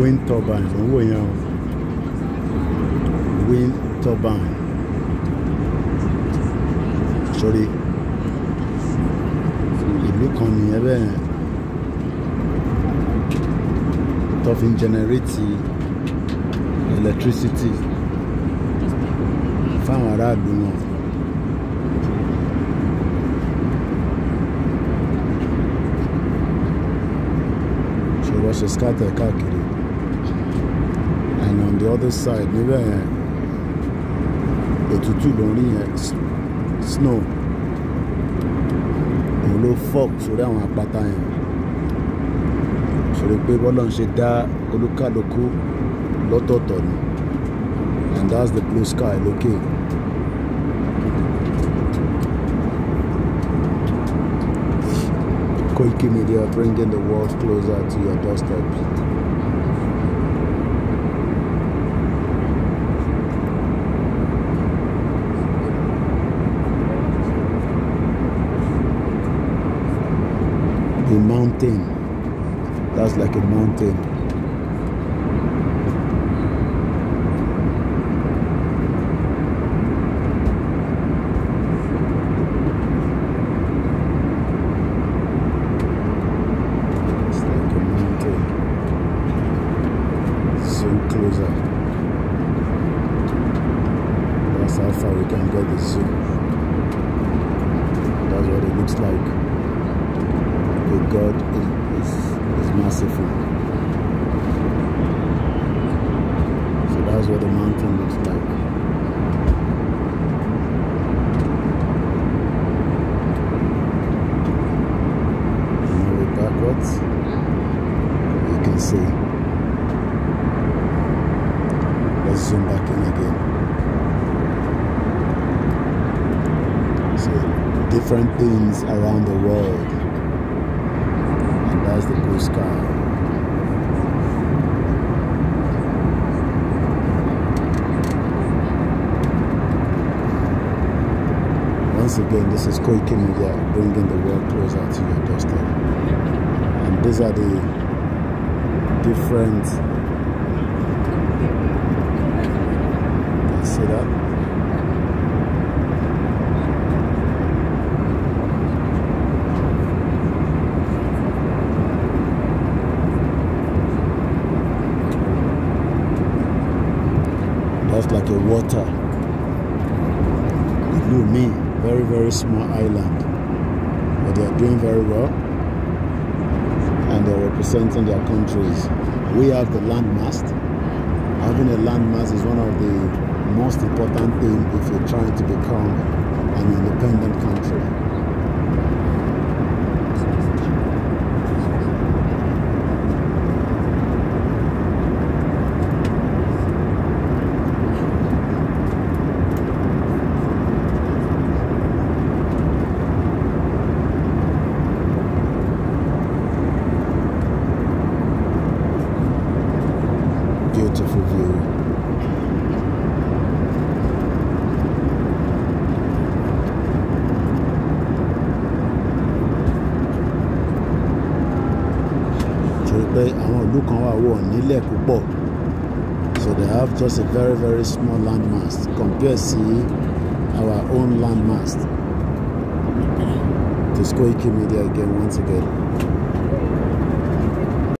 wind turbines ń wò yẹn o wind turbine sorry ìlú kan nìyẹn bẹ́ẹ̀ tó fi ń generate electricity fáwọn aráàlú wọn. ṣòro ṣe scatter káàkiri on the other side níbẹ̀ yẹn òtútù ló ń rí yẹn snow òun ló fọ́ọ̀k sórí àwọn àpáta yẹn sórí pé bọ́lá ń ṣe dá olúkálukú lọ́tọ̀ọ̀tọ̀ ni and that's the blue sky lókè. Okay. Koiki Media bringing the world closer to your doorstep. a mountain that's like a mountain That's how far we can get the zoo. That's what it looks like. God is, is, is merciful. So that's what the mountain looks like. backwards you can see let's zoom back in again see different things around the world as the blue sky. Once again, this is Koike Media bringing the world closer to your doorstep. And these are the different. See that? like a water. You me, very, very small island. But they are doing very well and they're representing their countries. We have the landmast. Having a landmass is one of the most important things if you're trying to become an independent country. pé àwọn ìlú kan wà wọ̀ nílẹ̀ púpọ̀ so they have just a very very small land mass compared sí our own land mass. This Koiki Media again once again.